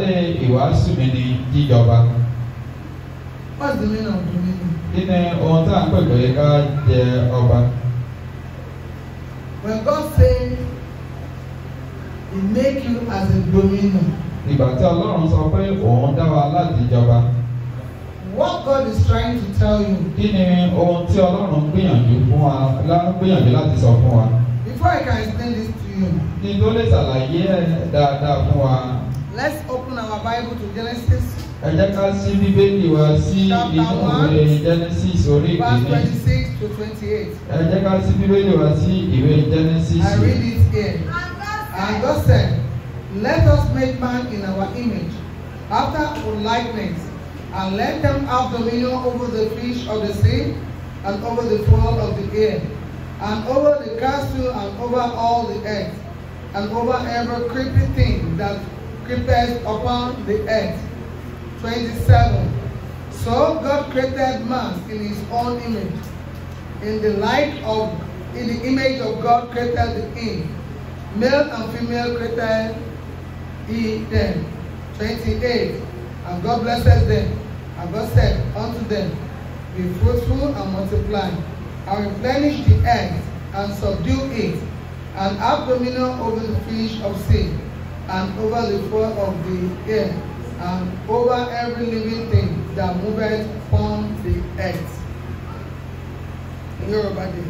àkọlé ìwàásù mi ni jíjọba. what's the meaning of dominion. nínú ohun tá à ń pè pé ká jẹ ọba. when God say he make you as a dominion. ìgbà tí ọlọ́run sọ pé òun dá wa láti jọba. What God is trying to tell you. Kí ni ohun tí Ọlọ́run gbìyànjú fún wa gbìyànjú láti sọ fún wa? Before I can explain this to you. Kí n tó lè ṣàlàyé ẹ̀ dáadáa fún wa. Let's open Bible to Genesis. Ẹ jẹ́ ká sí Bíbélì wa sí inú ìwé Genesis orí ìkíní. Verse twenty-six to twenty-eight. Ẹ jẹ́ ká sí Bíbélì wa sí ìwé Genesis. I read it here. And God said, Let us make man in our image, after our likeness, and let them have dominion over the fish of the sea, and over the fowl of the air, and over the cattle, and over all the earth, and over every creeping thing that creepeth upon the earth. 27. So God created man in his own image. In the light of, in the image of God created him. Male and female created he them. 28. And God blessed them. And God said unto them, Be fruitful and multiply, and replenish the earth, and subdue it, and have dominion over the fish of sea, and over the floor of the air and over every living thing that moveth upon the earth. Yorùbá dé.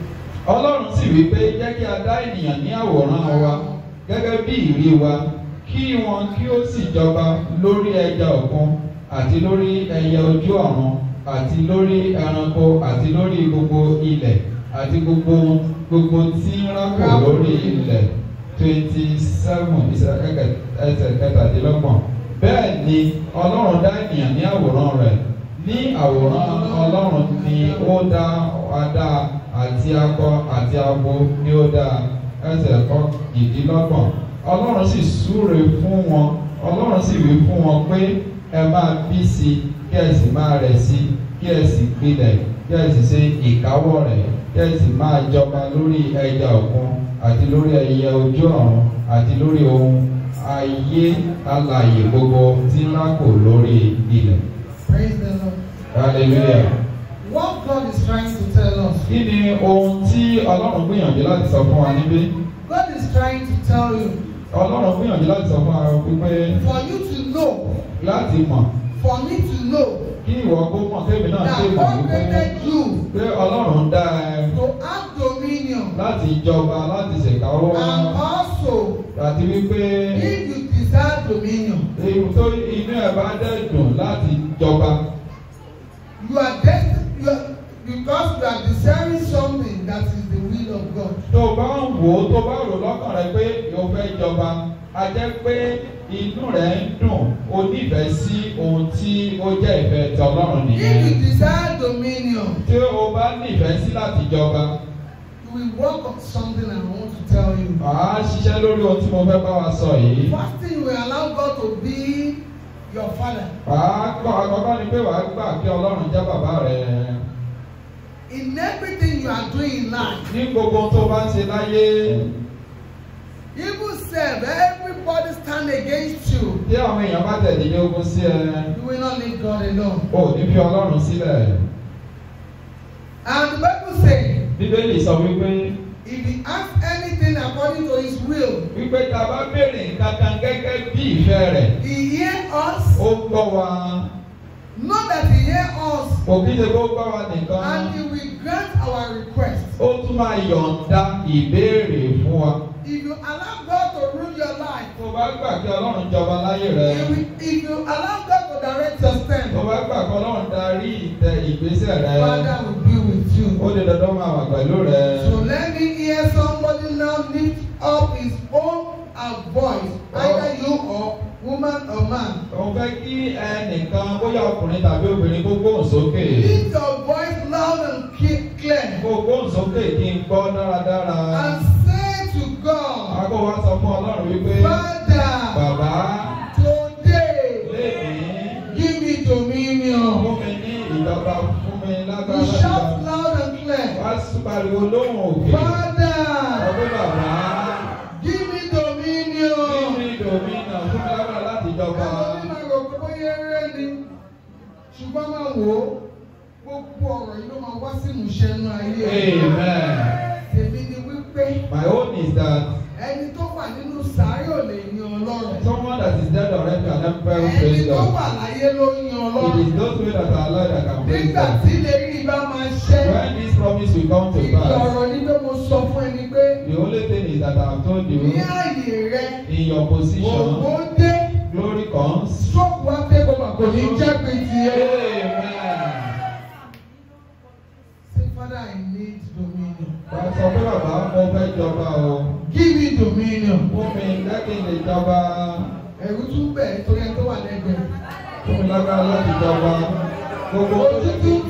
Ọlọ́run sì wí pé jẹ́ kí a dá ènìyàn ní àwòrán wa gẹ́gẹ́ bí ìrí wa kí wọn kí ó sì jọba lórí ẹja òkun àti lórí ẹyẹ ojú ọ̀run àti lórí ẹranko àti lórí gbogbo ilẹ̀ àti gbogbo gbogbo tí ń rákò lórí ilẹ̀ twenty seven ìsìlákẹ́tàdínlọ́gbọ̀n bẹ́ẹ̀ ni ọlọ́run dá ènìyàn ní àwòrán rẹ̀ ní àwòrán ọlọ́run ni ó dá adá àti akọ àti abo ni ó dá ẹsẹ̀ kọkìdínlọ́gbọ̀n ọlọ́run sì súre fún wọn ọlọ́run sì wí fún wọn pé ẹ máa bí sí kí ẹ sì máa rẹ̀ sí kí ẹ sì gbilẹ̀ kí ẹ sì ṣe ìkáwọ́ rẹ̀ tẹ̀sí máa jọba lórí ẹja òkun àti lórí ẹyẹ ojú ọ̀run àti lórí ohun ayé alààyè gbogbo tí ńlá kò lórí ilẹ̀. Praise the Lord. Hallelujah. What God is trying to tell us. Kí ni ohun tí Ọlọ́run gbìyànjú láti sọ fún wa níbí? God is trying to tell you. Ọlọ́run gbìyànjú láti sọ fún wa wípé. For you to know. Láti mọ̀. For me to know kí ìwọ kó mọ̀ sẹ́mi náà ṣe mọ̀ wípé pé ọlọ́run dá ẹ láti jọba láti ṣèkà ọwọ́ àti wípé ìlú tó inú ẹ bá dẹ̀dùn láti jọba. You are destined because you are desiring something that is the will of God. Tó o bá ń wò ó, tó bá rò lọ́kàn rẹ pé yóò fẹ́ jọba a jẹ́ pé inú rẹ̀ ń dùn o nífẹ̀ẹ́ sí ohun tí ó jẹ́ ìfẹ́ ti nìyẹn. If you desire dominion. Tí o bá nífẹ̀ẹ́ sí láti jọba. We work on something and I want to tell you. Wàá ṣiṣẹ́ lórí ohun tí mo fẹ́ bá wa sọ yìí. thing we allow God to be your father. Wàá kọ́ àkọ́kọ́ ni pé wàá gbà kí Ọlọ́run jẹ́ bàbá rẹ̀. In everything you are doing in life. Ní gbogbo tó bá ń ṣe láyé even self everybody stand against you. bí àwọn èèyàn bá tẹ̀lé ní ogun sí ẹ. you will not leave God alone. o ní fi ọlọ́run sílẹ̀. and the bible say. bíbélì sọ wípé. if he ask anything according to his will. wípé tá a bá béèrè kankan gẹ́gẹ́ bí ìfẹ́ rẹ̀. he hear us. ó gbọ́ wa. know that he hear us. òkìlẹ̀ kó gbọ́ wa nìkan. and he will grant our request. ó tún máa yọ̀ǹda ìbéèrè fún wa. If you allow God to rule your life. Tó bá gbà Ọlọ́run jọba láyé rẹ. If you allow God to direct your stand. Tó bá gbà Ọlọ́run darí ìtẹ ìgbésẹ̀ rẹ. Father will be with you. Ó lè dandan máa wà pẹ̀lú rẹ. So let me hear somebody now lift up his own and voice either oh. you or woman or man. Mo fẹ́ kí ẹnìkan bóyá ọkùnrin tàbí obìnrin kó gbóhùn sókè. Lift your voice loud and clear. Kó gbóhùn sókè kí n gbọ́ dáradára. tí ilé rírì bá máa ṣẹ́. when this promise will come to pass. ìyọ̀rọ̀ ni pé mo sọ fún ẹni pé. the only thing is that I have told you. ní àyè rẹ. in your position. ògbó dé. glory comes. sọ́ọ̀kù wa pé kò mà kò ní jẹ́ pé tiẹ̀. say father I need dominion. wà bàbá mo fẹ́ jọba o. give me dominion. fún mi lẹ́kìn lè jọba. ẹ̀rù tún bẹ̀ torí ẹ tó wà lẹ́gbẹ̀ẹ́. fún mi lágbára láti jọba. gbogbo ojú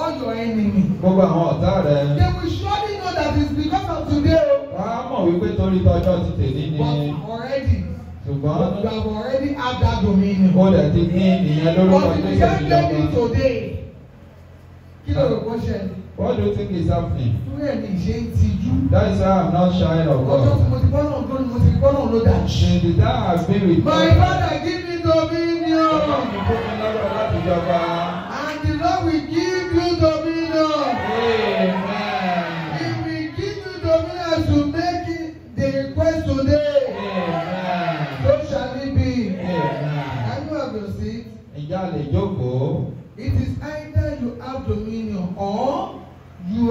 all your enemy. gbogbo àwọn ọ̀tá rẹ. they will surely know that it's because of today wà á mọ̀ wípé torí tọjọ́ ti tèmi ni. but already. ṣùgbọ́n. you have already had that dominion. ó dẹ̀ ti ní ìyẹn lórúkọ tó ṣe ìjọba. kí ló rò ṣe. What do you think is happening? Túwẹ̀ ni ṣe ń tijú. That is why I am not shy of God. Ọjọ́ tí mo ti gbọ́nà tó mo ti gbọ́nà ló dà. Ṣèlú dá àgbèrè. My father give me dominion. Ọlọ́run kò fún mi lọ́dọ̀ láti jọba. And the Lord will give.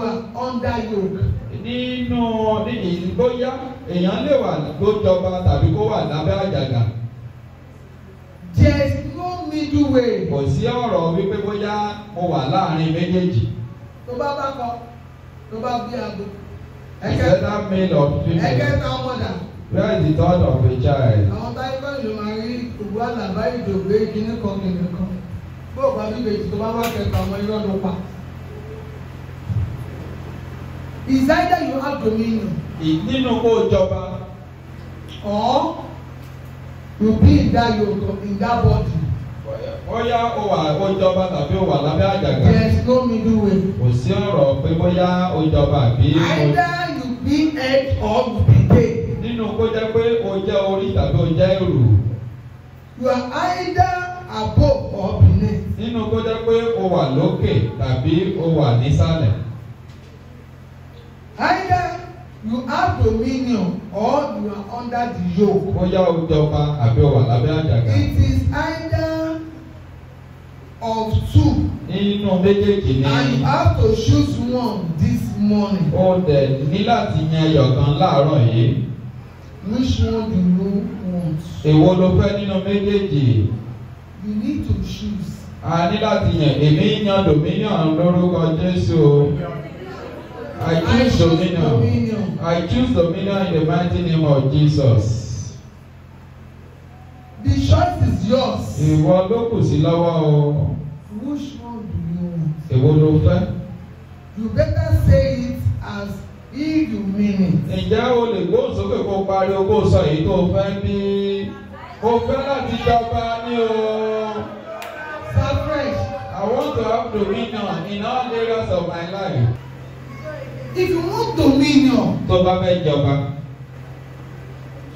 are under yoke. nínú ìgbóyà èèyàn lè wà ló jọba tàbí kó wà lábẹ́ àjàgà. there is no middle way. kò sí ọ̀rọ̀ wípé bóyá mo wà láàrin méjèèjì. tó bá bá kọ tó bá bí aago. ìṣẹ́dá mail of people. ẹgbẹ́ta ọmọdà. where is the thought of a child. àwọn táyé kọ́ máa rí ògbó àlàbá ìdògbé kíní kan kìnìkan. bó o bá bí bèjì tó bá wá kẹta ọmọ irọ́ ló pa is either you have dominion. nínú kó jọba. or you be in that yoke in that body. bóyá o wà o jọba tàbí o wà lábẹ́ àjàgà. there is no middle way. kò sí ọ̀rọ̀ pé bóyá o jọba àbí. either you be head or you be tail. nínú kó jẹ́ pé o jẹ́ orí tàbí o jẹ́ èrò. you are either above or below. nínú kó jẹ́ pé o wà lókè tàbí o wà nísàlẹ̀ either you have dominion or you are under the yoke. bóyá o jọba àbí o lábẹ́ àjàgà. it is either of two. nínú méjèèjì ni. and you have to choose one this morning. o dẹ̀ ní láti yan ẹyọ̀kan láàárọ̀ yìí. which one do you want. èwo ló fẹ́ nínú méjèèjì. you need to choose. a ní láti yan èmi yan dominion lórúkọ Jésù. Yeah. I choose dominion. I choose dominion in the mighty name of Jesus. The choice is yours. Ìwọ ló kù sí lọ́wọ́ o. Which one do you want? Èwo ló fẹ́? You better say it as if you mean it. Ǹjẹ́ o lè gbóhùn sókè kó pariwo kó sọ èyí tó fẹ́ bí? O fẹ́ láti jọba ní o. Suffrage. I want to have dominion in all areas of my life if you want dominion. tó bá fẹ́ jọba.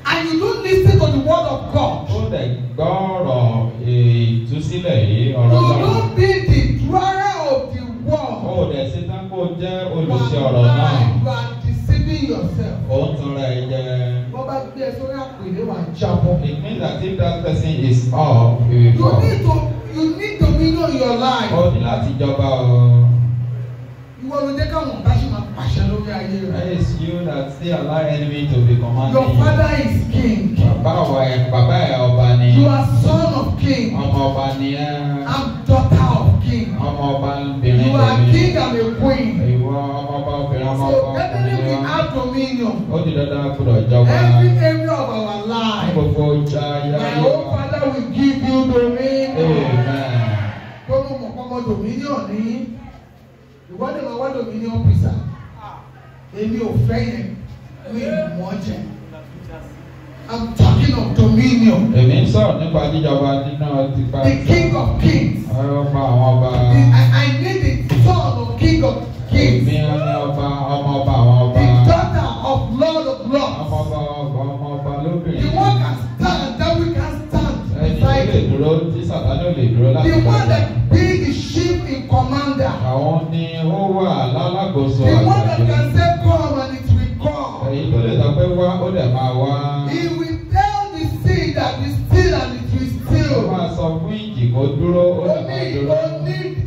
and you don't listen to the word of God. ó dẹ̀ gbọ́rọ̀ e, ìtúsílẹ̀ yìí ọ̀rọ̀ náà. you don't be the dweller of the world. ó dẹ̀ sí tán kó jẹ́ olùṣe ọ̀rọ̀ náà. you are deceiving yourself. ó ń ẹ jẹ. wọ́n gbé ẹ sórí àpò ìléwà jábọ́. it means that if that person is up. E, you need to you need dominion in your life. ó ní láti jọba o. ìwọ ló dé káwọn bá ṣe àṣẹ lórí ayé rẹ. It is you that still allow enemy to be commanding. Your father is king. Bàbá wa ẹ̀ bàbá ẹ̀ ọba ni. You are son of king. Ọmọ ọba ni ẹ. I'm daughter of king. Ọmọ ọba bìnrin lèmi. You are king and a queen. Ìwọ ọmọ ọba obìnrin ọmọ ọba obìnrin. So everything we have dominion. Ó di dandan gbọdọ̀ jọba. Every area of our life. Gbogbo ọjà ayé. My own father will give you dominion. Amen. Gbogbo mọ̀kọ́mọ dominion ní. Ìwọ́n lè máa wá dominion pizza èmi ò fẹ́ yẹn mi mọ̀ jẹ. I'm talking of dominion. Èmi ń sọ̀rọ̀ nípa jíjọba nínú tipa. The king of kings. Ọba àwọn ọba. I need the son of king of kings. Èmi ni ọba ọmọ ọba àwọn ọba. The daughter of lord of lords. Ọmọ ọba ọba ọmọ ọba lóbìnrin. The one that stand that we can stand. Ẹni tó lè dúró tí Sàtánì lè dúró láti. The one that be the chief in commander. Àwọn ni ó wà lálákòóso àgbàdo. The one that can say. wá. He will tell the sea that be still and it will still. Ó máa sọ fún ìjì kó dúró ó lè máa dúró.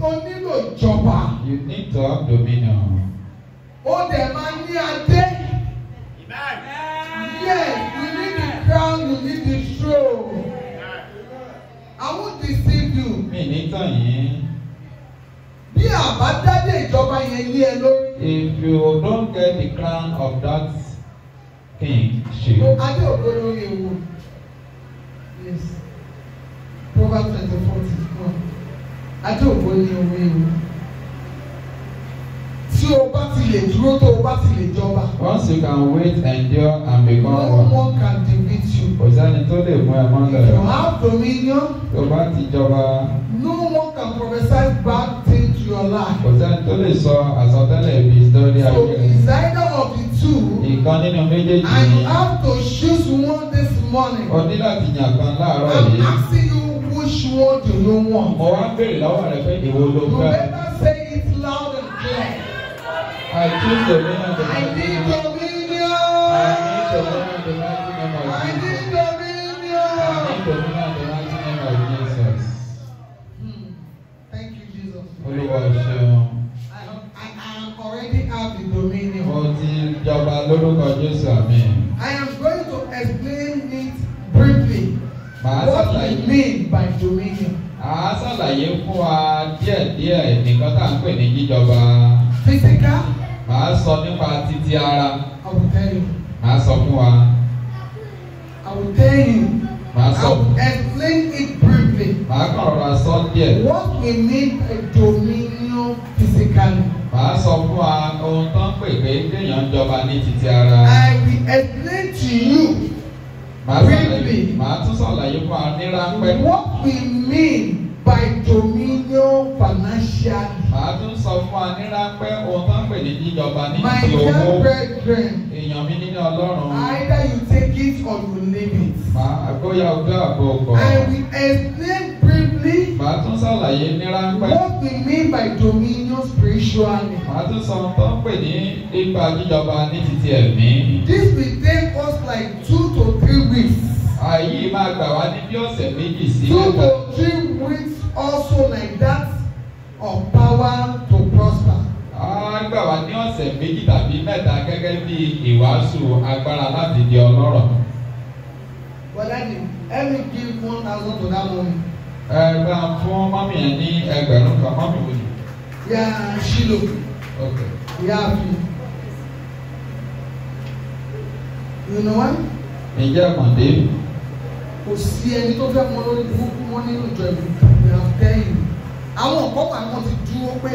O nílò ìjọba. You need to have dominion. Ó dẹ̀ máa ní adé. Yes, you need the crown, you need the throne. I won't deceive you. Mi ní tàn yín. Bí àbájáde ìjọba yẹn ní ẹ lórí. If you don't get the crown of that kéyìn ṣe. adé ògbó lórí ewu yes proverbs twenty four ti kọ́ adé ògbó ní ewu ewu tí o bá ti lè dúró tó o bá ti lè jọba. once you can wait endure and become one. no one can defeat you. kò tó lè mú ẹ mọ́lẹ̀. if you have dominion. tó o bá ti jọba. no one can prophesy bad things to your life. kò tó lè sọ àsọtẹ́lẹ̀ ibi ìdórí ayé. so it's either of the two. ìkan have to choose one this morning. I'm asking you which one do you want. mo you better say it loud and clear. I choose the winner of the night. I need dominion. I need dominion of the night. I need dominion. I need Jesus. Olúwa ṣeun. I, I, I already have the dominion orúkọ Jésù àmín. I am going to explain it briefly. Màá sàlàyé. What we mean by dominion. Àá sàlàyé fún wa díẹ̀díẹ̀ nǹkan tá à ń pè ní jíjọba. Physical. Màá sọ nípa títí ara. I will tell you. Màá sọ fún wa. I will tell you. Màá sọ. I will explain it briefly. Màá kàn rọra sọ díẹ̀. What we mean by dominion physically. Màá sọ fún wa ohun tó ń pè pé kéèyàn ń jọba ní titi ara. I will explain to you. Màá tún sọ̀làyé fún wa ní ráńpẹ́. What we mean by dominion financial. Màá tún sọ fún wa ní ráńpẹ́ ohun tó ń pè ní jíjọba ní ti owó. My dear brethren. Èèyàn mi nínú Ọlọ́run. Either you take it or you leave it. Màá àgbóyà ọgbẹ́ àgbọ̀ ọkọ̀. I will explain Màá tún ṣàlàyé ní ráńpẹ́. What we mean by dominion spiritually. Màá tún sọ tó ń pè ní ipa jíjọba ní títí ẹ̀mí. This will take us like two to three weeks. Àyè máa gbà wá ní bí ọ̀sẹ̀ méjì sí. Two to three weeks also like that of power to prosper. Á gbà wá ní ọ̀sẹ̀ méjì tàbí mẹ́ta gẹ́gẹ́ bí ìwàásù agbára láti di ọlọ́rọ̀. Bọ̀dá ni, help me give one thousand to that woman ẹgbẹ́ fún mami yẹn ní ẹgbẹ̀rún kan mami wò ni. ya ṣílò ya fi nínú wa. ǹjẹ́ àpàdé. kò sí ẹni tó fẹ́ mọ lórí burúkú wọn nínú ìjọ ìlú ìrànlẹ́yìn àwọn ọ̀pọ̀pọ̀ àwọn ti dúró pé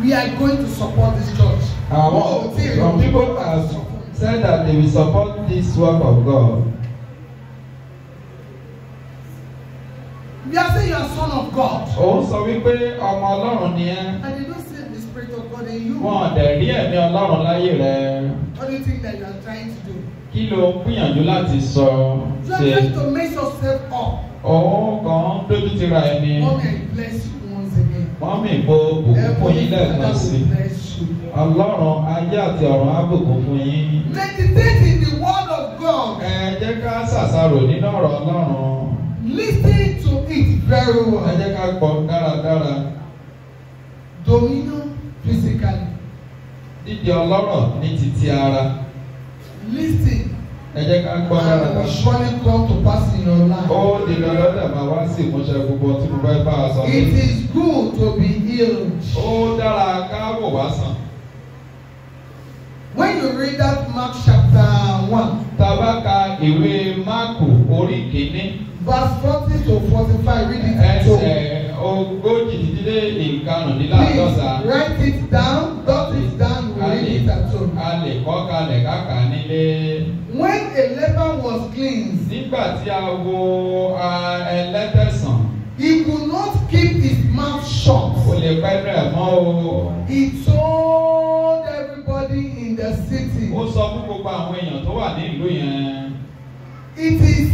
we are going to support this church. àwọn some people have said that they will support this work of God. We are saying you are son of God. Ó sọ wípé ọmọ Ọlọ́run ni ẹ́. And you don't see the spirit of God in you. Wọ́n dẹ̀ rí ẹ̀mí Ọlọ́run láyé rẹ̀. What do you that you are trying to do? Kí ló ń gbìyànjú láti sọ? You are trying to make yourself up. Òun kàn ń dójú ti ra ẹni. Mọ́mí bless you once again. Mọ́mí bo bùkún fún yín lẹ́ẹ̀kan sí i. Ọlọ́run ayé àti ọ̀run á bùkún fún yín. Meditate in the word of God. Ẹ jẹ́ ká ṣàṣàrò nínú ọ̀rọ̀ Ọlọ́run dẹ́rù wọ̀. ẹ jẹ́ ká gbọ́ dáradára. domino physically. dídì ọlọ́rọ̀ ní títí ara. listen. ẹ jẹ́ ká gbọ́ dáradára. and surely come to pass in your life. ó di dandan dẹ̀ máa wá sí ìmúṣẹ gbogbo tí mo fẹ́ bá a sọ. it is good to be healed. ó dára ká wá sàn. When you read that Mark chapter one. Tá ka ìwé Máàkù orí kìíní verse forty to forty-five read it. ẹsẹ̀ ogójì dídé ìkarùndínláàdọ́ta. please write it down jot it down read it at home. a lè kọ́ kalẹ̀ káka nílé. when a leper was cleansed. nígbà tí a wo ẹlẹ́tẹ̀sán. He could not keep his mouth shut. Kò lè pẹ́ rẹ̀ mọ́ o. He told everybody in the city. Ó sọ fún gbogbo àwọn èèyàn tó wà ní ìlú yẹn. It is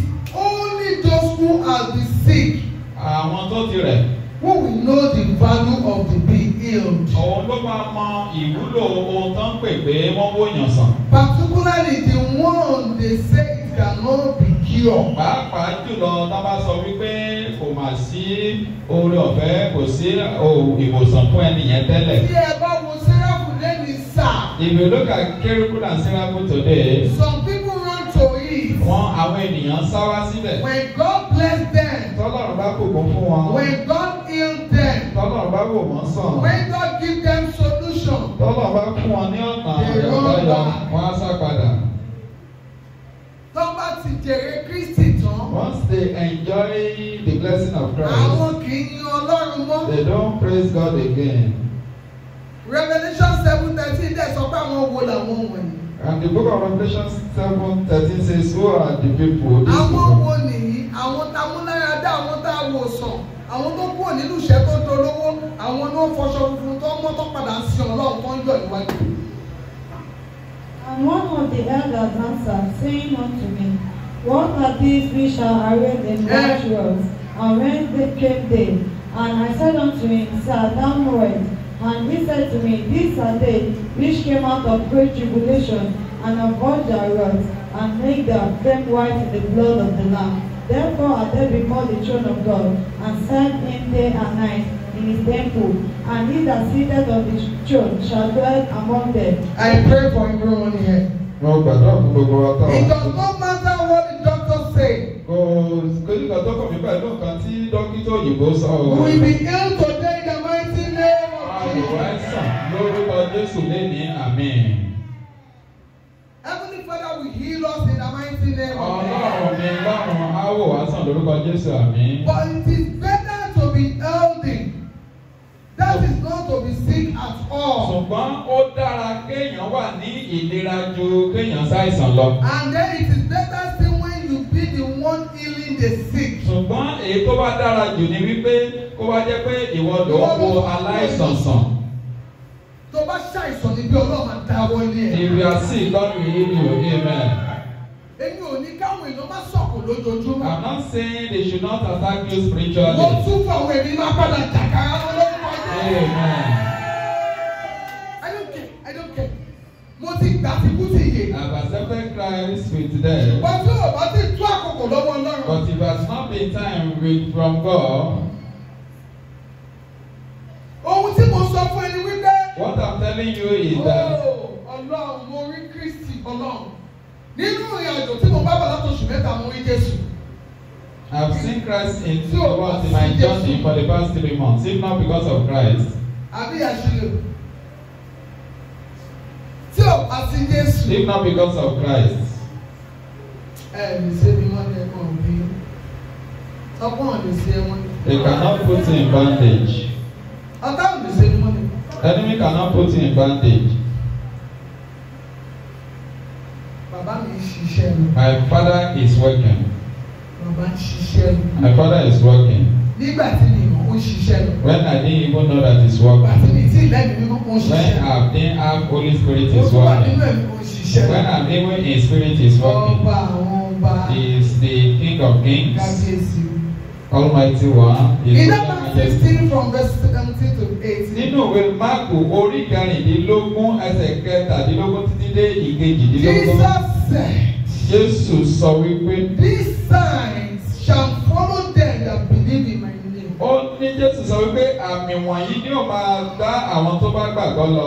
who are the sick. àwọn tó ti rẹ̀. who will know the value of the being healed. òun ló máa mọ ìwúlò ohun tó pè pé wọ́n wòyàn sàn. particularly the one they say it cannot be cured. pàápàá jùlọ tá a bá sọ wípé kò mà sí oore ọ̀fẹ́ kò sí ìwòsàn fún ẹnìyẹn tẹ́lẹ̀. tí ẹ bá wo sẹ́yàfù lẹ́nu sà. if you look at curriculum and sẹ́yàfù today. some people. Wọ́n àwọn ènìyàn sá wá síbẹ̀. When God bless them. Tọ́lọ́run bá gbòògùn fún wọn. When God heal them. Tọ́lọ́run bá wò wọ́n sàn. When God give them solution. Tọ́lọ́run bá fún wọn ní ọ̀nà àbáyọ wọn á sá padà. Tọ́ ti jèrè Kristi tán. Once they enjoy the blessing of Christ. Àwọn kì í yan Ọlọ́run mọ́. They don't praise God again. Revelation seven thirteen dẹ̀ sọ pé àwọn wo làwọn wọ̀nyí. And the book of Revelation seven thirteen says, Who are the people? Àwọn wo nìyí? Àwọn tá a mú lára dá, àwọn tá a wò sàn, àwọn tó kúrò nínú ìṣẹ́ tó dolówó, àwọn ló fọṣọ funfun tó mọ́ tó padà ń sin Ọlọ́run tó ń yọ̀ níwájú. And one of the elders answered, saying unto me, What are these which are arrayed in white And when they came there, and I said unto him, Sir, thou knowest And he said to me, These are they which came out of great tribulation and avoid their wrath, and make them, them white in the blood of the Lamb. Therefore are they before the throne of God, and serve him day and night in his temple. And he that sitteth on the throne shall dwell among them. I pray for everyone here. Wọ́n gbàdúrà fún gbogbo wa táwọn. It does not matter what the doctor say. Kò kò nígbà tó kàn mí báyìí náà kan tí dókítà òyìnbó sọ. We be able to ìwà ẹ̀sán lórúkọ Jésù lẹ́ni àmín. Heavenly Ọlọ́run mi lọ́run á wò wá sàn lórúkọ Jésù àmín. But it is better to be healthy that is not to be sick at all. Ṣùgbọ́n ó dára kéèyàn wà ní ìlera ju kéèyàn ṣàìsàn lọ. And then it is better still when you be the one the sick. ṣùgbọ́n èyí tó bá dára jù ni wípé kó wá jẹ́ pé ìwọ ló wo aláìsàn sàn. tó bá ṣàìsàn ni bí ọlọ́run máa dáwọ́ ilé ẹ̀. ìrì àti ìlọrin yìí ni òní mẹ́. èmi ò ní káwọn èèyàn má sọ̀kò lójoojúmọ́. I'm not saying they should not attack you spiritually. wọ́n tún fún àwọn èmi máa padà jàkàrà lórúkọ yẹn. ti gbà tí kú ti yè. I have accepted Christ today. ṣùgbọ́n tí o bá ti tú àkókò lọ́wọ́ Ọlọ́run. But if it has not been time with from God. ohun tí mo sọ fún ẹni wípé. What I'm telling you is that. Oh, Ọlọ́run mo rí Kristi Ọlọ́run nínú ìrìn àjò tí mo bá bọ̀ látọ̀ṣù mẹ́ta mo rí Jésù. I have seen Christ in the world in my journey for the past three months, if not because of Christ. Àbí àṣírí o tí o bá sí Jésù. if not because of Christ. ẹ mi ṣe bí wọn lè mọ bí ọgbọ́n mi ṣe wọn. they cannot put in bandage. ọ̀tá mi ṣe bí wọn lè mọ. enemy cannot put in bandage. bàbá mi ṣiṣẹ́ mi. my father is working. bàbá ṣiṣẹ́ mi. my father is working nígbà tí mi ò ń ṣiṣẹ́ lọ. when I didn't even know that it's working. àti mi tí ìlẹ́mi mímú ń ṣiṣẹ́. when I didn't have holy spirit is working. when I didn't even in spirit is working. ọba àwọn ọba. is the king of kings. Almighty One. In Matthew sixteen from verse seventeen to eighteen. Nínú ìwé Máàkù orí kẹrìndínlógún ẹsẹ̀ kẹtàdínlógún títí dé ìkejìdínlógún. Jesus said. Jesus, sọ wípé. This Jésù sọ wípé àmì wọ̀nyí ni ó máa dá àwọn tó bá gbàgbọ́ lọ.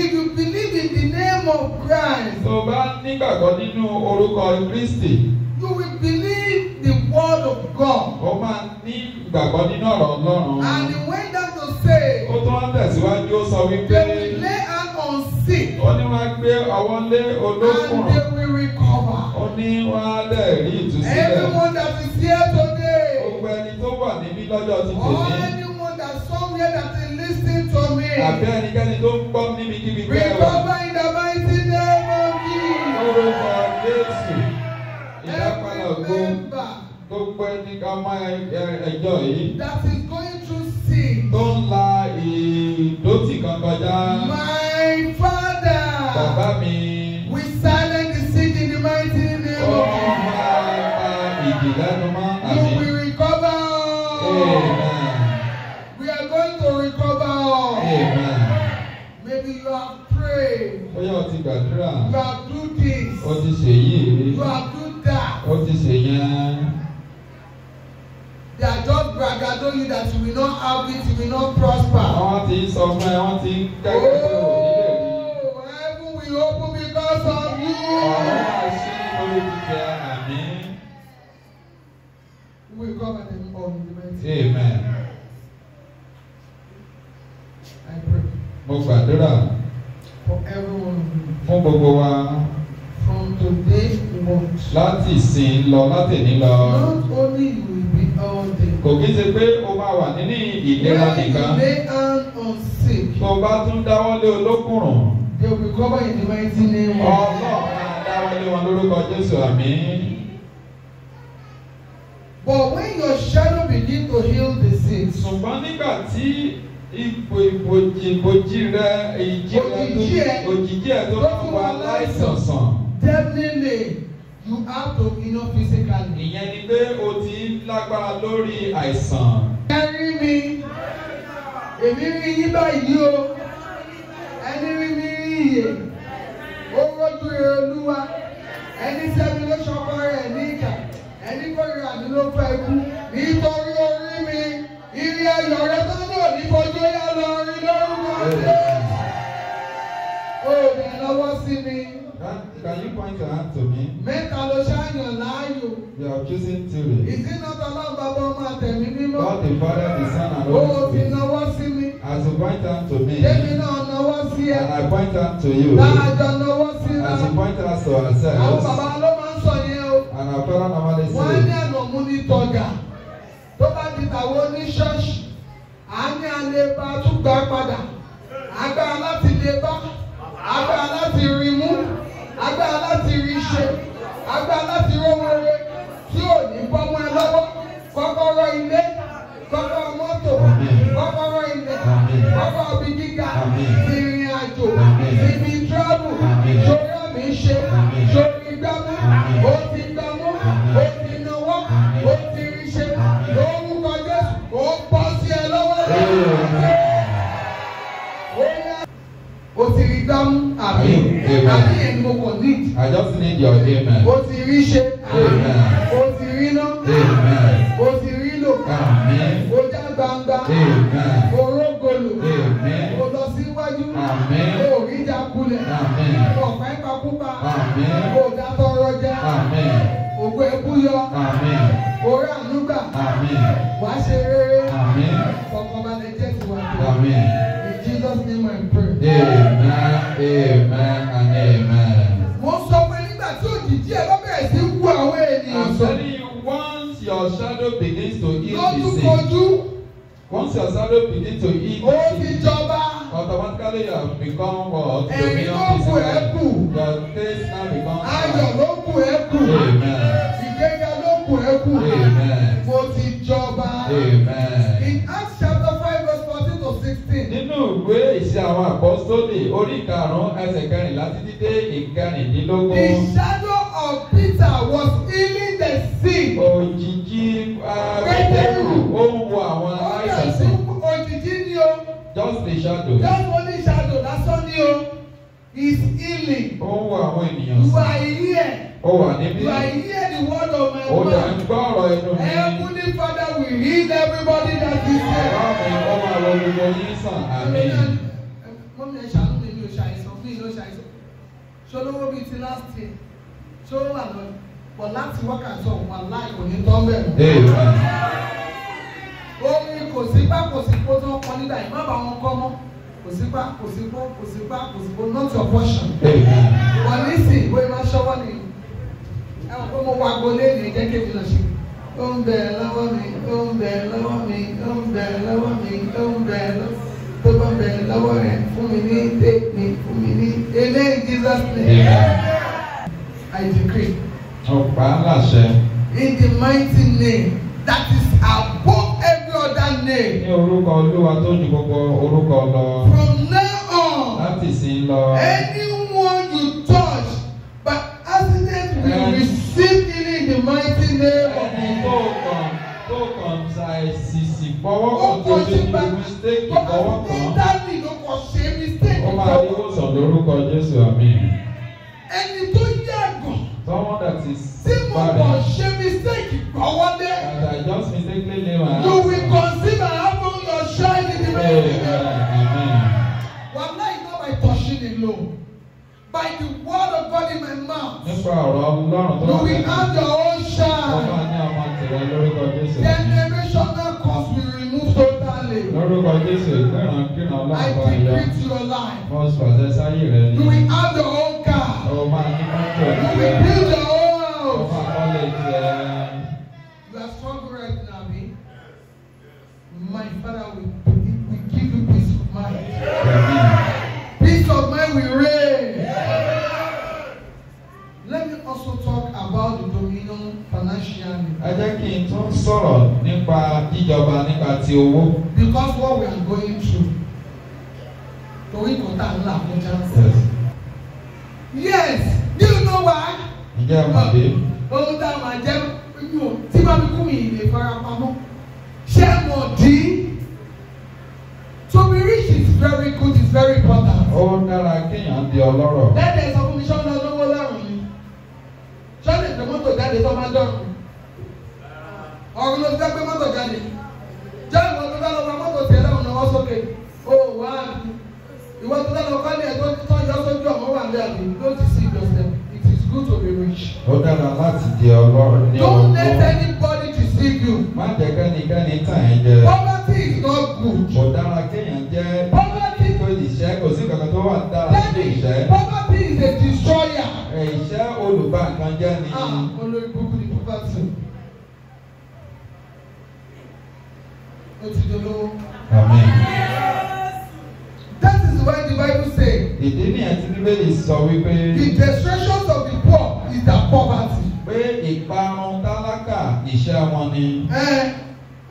If you believe in the name of Christ. Tó bá nígbàgbọ́ nínú orúkọ Kristi. You will believe the word of God. Ó máa ní ìgbàgbọ́ nínú ọ̀rọ̀ Ọlọ́run. And he went down to say. Ó tún wá tẹ̀síwájú ó sọ wípé. They will lay hand on sick. Ó ní wọ́n gbé ọwọ́ lé olókùn. And they will recover. Ó ní wọ́n á rí ìtúsílẹ̀. Everyone that is here today ẹni tó wà níbí lọ́jọ́ ti tèmi. Or anyone that somewhere that is listening to me. Àbí ẹnikẹ́ni tó ń gbọ́ níbikíbi pẹ́ wá. Recover in the mighty name of Jesus. Orúkọ Jésù. Ìdápadà ògo tó pẹ́ ní ká máa ẹjọ́ yìí. That is going through sin. Tó ń la ìdótì kan kọjá. Máa. bóyá o ti gbàdúrà. you have do this. o ti ṣèyí. you have do that. o ti ṣèyẹn. They are just bragging you that you will not have it, you will not prosper. Wọ́n ti ń sọ fún ẹ, wọ́n ti ń kẹ́kẹ́ tó o nílé rí. Oh, heaven will open because of you. Ọ̀rọ̀ àṣírí lórí jíjẹ àmì. láti sìn lọ látẹ̀ní lọ. not only will be healthy. kò kí ṣe pé o máa wà nínú ìlera nìkan. when you lay hand on sick. tó bá tún dáwọ́lé olókùnrùn. they will be covered the mighty wọn lórúkọ jésù àmín. But when your shadow begin to heal the sin. ṣùgbọ́n nígbà tí ipò ìbòjì rẹ èyí jẹ́ tó fún wa láìsàn sàn. definitely you have to you know physically. ìyẹn ni pé o ti ń lágbára lórí àìsàn. ẹ rí mi èmi rí yín báyìí o ẹni rí mi rí iye ó rọ́jú olúwa ẹni sẹ́mi ló ṣọkọ rẹ̀ ní ìkà ẹni kórìíra mi ló fẹ́ kú nítorí orí mi ilé ayọ̀ rẹ tó ní fojú yá lọ rí lórúkọ sí. ó bẹ̀ lọ́wọ́ sí mi. That, can you point your hand to me? Mẹ́ta ló ṣáàyàn láàyò. You are choosing theory. Ìsínà tọ́lá bàbá ọmọ àtẹ̀mí mímọ́. God the father the son and the holy oh, spirit. O ti náwó sí mi. As you point hand to me. Débi náà náwó sí ẹ. And I point hand to you. Láàjọ náwó sí náà. As you point hand to ourselves. Àwọn bàbá ló máa ń sọ yẹn o. And our father normally say. Wọ́n ní àná mú ní tọ́jà. Tó bá di tàwọn oníṣọ́ọ̀ṣì, à ń ní alẹ́ bá tún gbà padà. Agbára láti lè bá. Agbára láti rí mú agbára láti rí ṣe agbára láti rówó re tí ò ní bọ́mọ ẹ lọ́wọ́ kọ́kọ́rọ́ ilé kọ́kọ́rọ́ mọ́tò kọ́kọ́rọ́ ilé kọ́kọ́rọ́ bí gíga ìrìn àjò ibi tíráàbù sórí àmì ṣe sórí gbámú ó ti gbámú ó ti náwó ó ti rí ṣe lórúkọ Jésù ó bọ́ sí ẹ lọ́wọ́ ó ti rí gbámú àmì I just need your amen. Mo ti rí ṣe. become what? Èmi ló bù ẹ́ bù. Your taste now become. Ayọ̀ ló bù ẹ́ bù. Ìgbéga ló bù ẹ́ bù. Mo ti jọba. In Acts chapter five verse fourteen to sixteen. ìwé ìṣe àwọn àpọ́sítólì orí karùn-ún ẹsẹ̀ kẹrìnlá títí dé ìkẹrìndínlógún. The shadow of Peter was healing the sick. Òjìji ah, Pétérù ó ń wo àwọn aláìsàn sí. Òjìji ni o. Just the shadow. Just shadow lásán ni o is healing. ó wọ àwọn ènìyàn sí. you are here. ó wà níbí. you are here the word of my mouth. ó dà ń gbọ́ ọ̀rọ̀ ẹnu mi. heavenly father will heal everybody that is there. ọ̀rọ̀ mi ó máa lọ gbogbo yín sàn àmín. mo ní ẹ̀ṣà ló mi ò ṣàìsàn fún ìlú ṣàìsàn ṣolówó bíi ti last year ṣolówó àná pọ̀ láti wákàtí ọ̀hún wà láì kò ní tán bẹ́ẹ̀. ó ní kò sí bá kò sí kó tó ń kọ nígbà yìí má bàa wọn kọ́ mọ́ kò sí pa kò not your portion. wọ́n ní sìn bóyá máa ṣọwọ́ ni ẹ wọ́n pé mo wá agolé ní jẹ́ kí èmi ó ń bẹ̀ lọ́wọ́ mi ó ń bẹ̀ lọ́wọ́ mi ó ń bẹ̀ lọ́wọ́ mi ó ń bẹ̀ lọ́wọ́ tó bá ń bẹ̀ lọ́wọ́ rẹ̀ fún mi ní take me fún mi ní ilé Jesus name. I decree. ọ̀pá láṣẹ. in the mighty name that is above every other name. ní orúkọ olúwa tó ju gbogbo orúkọ lọ. from now on. láti sí lọ. anyone you touch by accident will receive healing in the mighty name of the Lord. tó kàn ṣàìsìsì fọwọ́ kan tó ṣe ní mistake fọwọ́ kan. ó máa yóò sọ lórúkọ Jésù àmín. ẹni tó someone that is simple but ṣe mistake kọ́wọ́lé. that I just mistakenly lay my you will conceive and have your shine in the rain. wàhálà yìí náà by touching the law by the word of God in my mouth. nípa ọ̀rọ̀ ọlọ́run tó wà lẹ́yìn. you will have your own shine. wọ́n máa ní àwọn àtẹ̀wé lórúkọ Jésù. curse will remove totally. lórúkọ Jésù ìgbẹ́ràn kírun ọlọ́run I decree to your life. first possess you will have your own. mind will, will give you peace of mind. Yeah. Peace of mind will reign. Yeah. Let me also talk about the dominion financially. Ẹ jẹ́ kí n tún sọ̀rọ̀ nípa jíjọba nípa ti owó. Because what we are going through, torí kò tá à ń là Yes. Yes, do you know why? Ǹjẹ́ ẹ mọ̀ dé? tomorrow bá nǹkan jẹ́ ni. Ah, olórí burúkú ni poverty. ó ti dolówó. amen. that is why the bible say. ìdí nìyẹn tí bíbélì sọ wípé. the destruction of the poor is their poverty. pé ìparun tálákà ìṣẹ́ wọn ni. Eh,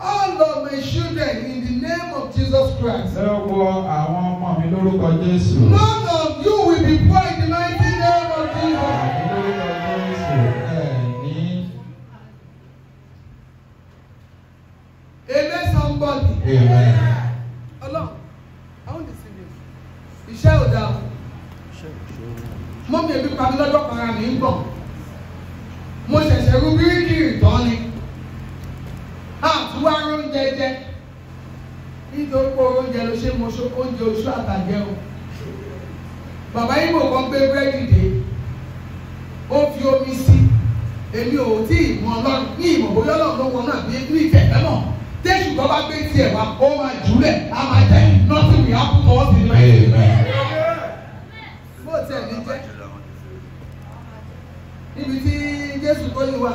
all of my children in the name of Jesus Christ. Ẹ wọ àwọn ọmọ mi lórúkọ Jésù. None of you will be poor Amen. I want to see this. Iṣẹ́ ò dáa. Mọ́mí èmi pa mí lọ́jọ́ para mi ń bọ̀. Mo ṣẹ̀ṣẹ̀ rú bíríkì ìtọ́ ni. Àtúwá oúnjẹ jẹ. Nítorí pé oúnjẹ ló ṣe mo ṣe oúnjẹ oṣù àtàjẹ o. Bàbá Ibo kan gbé búrẹ́dì dé. Ó fi omi sí. Èmi ò tí ì mọ Ọlọ́run ní ìmọ̀ bóyá Ọlọ́run ló wọnú àbí ní ìfẹ̀fẹ́ mọ̀. Jésù tó bá gbé tiẹ̀ wá, ó máa jùlẹ̀, á máa jẹ́ nothing will happen to us in my life. Bó tiẹ̀ ní jẹ́. Níbi tí Jésù tó yí wa,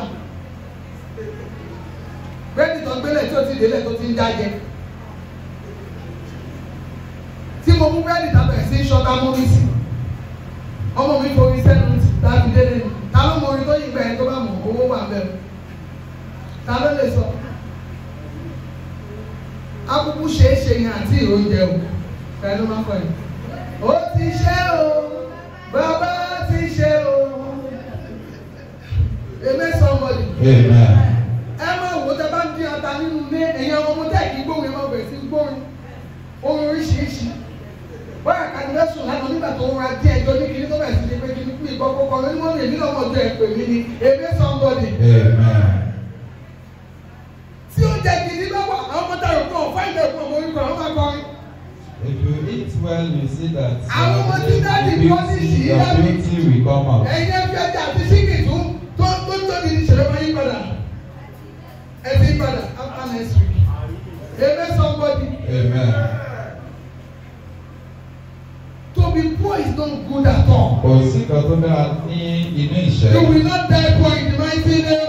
bẹ́ẹ̀ni tó gbélé tó ti délé tó ti ń dájẹ́. Tí mo mú bẹ́ẹ̀ni tàbí sí ṣọ́ká mú sí, ọmọ mi forí sẹ́nu tàbí Ta ló mọ orin tó yí gbẹ̀yìn tó bá mọ̀ owó wà bẹ́ẹ̀? Ta ló lè sọ? akúkú ṣe é ṣe yẹn àti ìròyìn o ẹ ló máa kọ ẹ. ó ti ṣe o bàbá ti ṣe o amen somebody. ẹ máa wò ó tẹ bá ń bí ata nínú ilé ẹ̀yin ọmọ tẹ̀ kí gbóhùn ẹ máa bẹ̀rẹ̀ sí gbóhùn ohun oríṣiríṣi wọ́n àkàní bẹ́ẹ̀ sùn lánàá nígbà tó ń ra díẹ̀ ẹjọ́ ní kíní tó bẹ̀rẹ̀ sí ní pé kíní kú ìgbọ́ kọ́kọ́ lórí mọ́mí èmi náà mọ̀ ọjọ́ ẹ̀ pè mí ni amen somebody. Amen. when you see that uh, àwọn ọmọ tí dáàdì beauty wọ́n ti ṣì í dáàdì ẹ̀yin ẹgbẹ́ ẹja àti ṣíkì tún tó tó tóbi ní ṣẹlẹ̀ wọ́n yí padà ẹ ti padà amen somebody. amen. to be poor is not good at all. you will not die poor in the mighty name.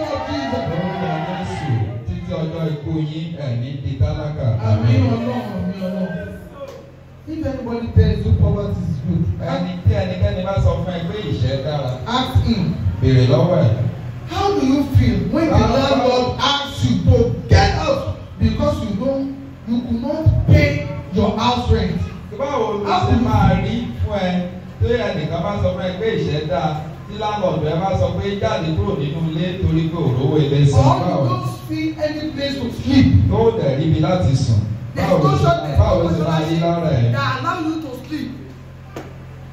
if anybody tells you poverty is good. Eh, ẹni tí ẹnikẹ́ni bá sọ fún ẹ pé ìṣẹ́ dára. ask him. béèrè lọ́wọ́ ẹ̀. how do you feel when the landlord asks you to get out because you know you could not pay your house rent. báwo ló ṣe máa rí fún ẹ tó yẹ nìkan bá sọ fún ẹ pé ìṣẹ́ dáa tí landlord rẹ bá sọ pé jáde kúrò nínú ilé torí pé òróró ilé sùn. or you don't feel any place to sleep. ó dẹ̀ ríbi láti sùn there is no shortness of mọ́ṣáláṣí that allow you to sleep.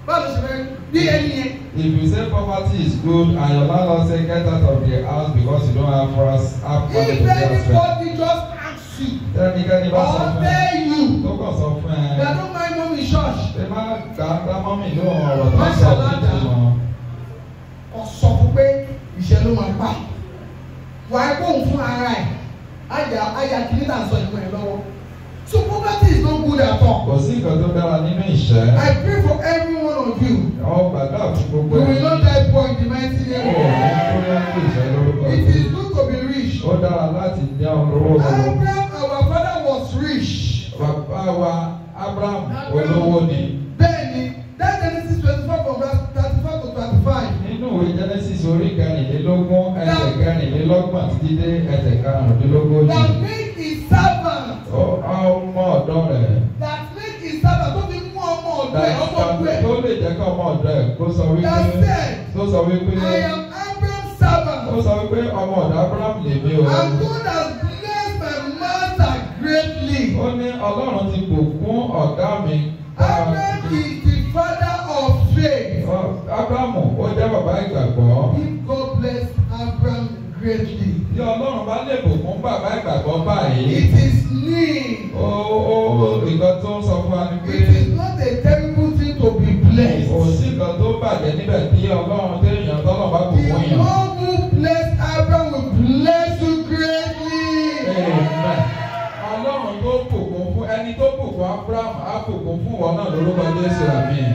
báwo ṣe fẹ́ bí ẹni if you say poverty is good and your landlord say get out of the house because you don't have for us have for the food transfer. if anybody just ask you. tẹ́lẹ̀ nìkan ní bá sọ or pay you. tó kàn sọ na don't mind mommy church. ṣe má gbàgbà mommy ló ń ọ̀rọ̀ tó sọ fún ẹ. ọ̀sọ̀ fún pé ìṣẹ́ ló máa pa wàá kó òun fún ara ẹ̀ àjà àjà kìnnìkan sọ ìpínlẹ̀ lọ́wọ́ nothing is not good at all. kò sí nǹkan tó dára nínú ìṣẹ́. I pray for every one of you. àwọn bàbá àti gbogbo ẹ̀. you will not die poor in the mighty name of God. ó yẹ kí ìṣẹ́ lórúkọ. it is good to be rich. ó dára láti ní àwọn olówó. Abraham our father was rich. bàbá wa Abraham olówó ni. bẹ́ẹ̀ni that Genesis twenty four from verse thirty four to thirty five. nínú ìwé Genesis orí kẹrìnlélógún ẹsẹ̀ kẹrìnlélọ́gbọ̀n títí dé ẹsẹ̀ karùndínlógún servant. ọmọ ọ̀dọ̀ rẹ̀. that make his servant tó fi mú ọmọ ọ̀dọ̀ ẹ̀ ọmọ ọ̀dọ̀ ẹ̀. tó lè jẹ́ kí ọmọ ọ̀dọ̀ ẹ̀ kó sọ wípé. that said tó sọ wípé. I am Abraham's servant. ó sọ wípé ọmọ ọ̀dọ̀ Abraham lè mí o. and God has blessed my master greatly. ó ní Ọlọ́run ti bùkún ọ̀gá mi. Abraham is the father of faith. Abraham, ó jẹ́ bàbá ìgbàgbọ́. If God bless Abraham greatly. Bí Ọlọ́run bá lè bùkún bàbá ìgbàgbọ́ báyìí. It is need. Ó ó nǹkan tó ń sọ fún wa ni pé. It is not a terrible thing to be blessed. Kò sí nǹkan tó bàjẹ́ níbẹ̀ bí Ọlọ́run téèyàn tọ́lọ̀ bá kò wọ́n yàn. The one who blessed Abraham will bless you greatly. Ọlọ́run tó bùkún fún ẹni tó bùkún Abraham á bùkún fún wọn náà lórúkọ Jésù àmín.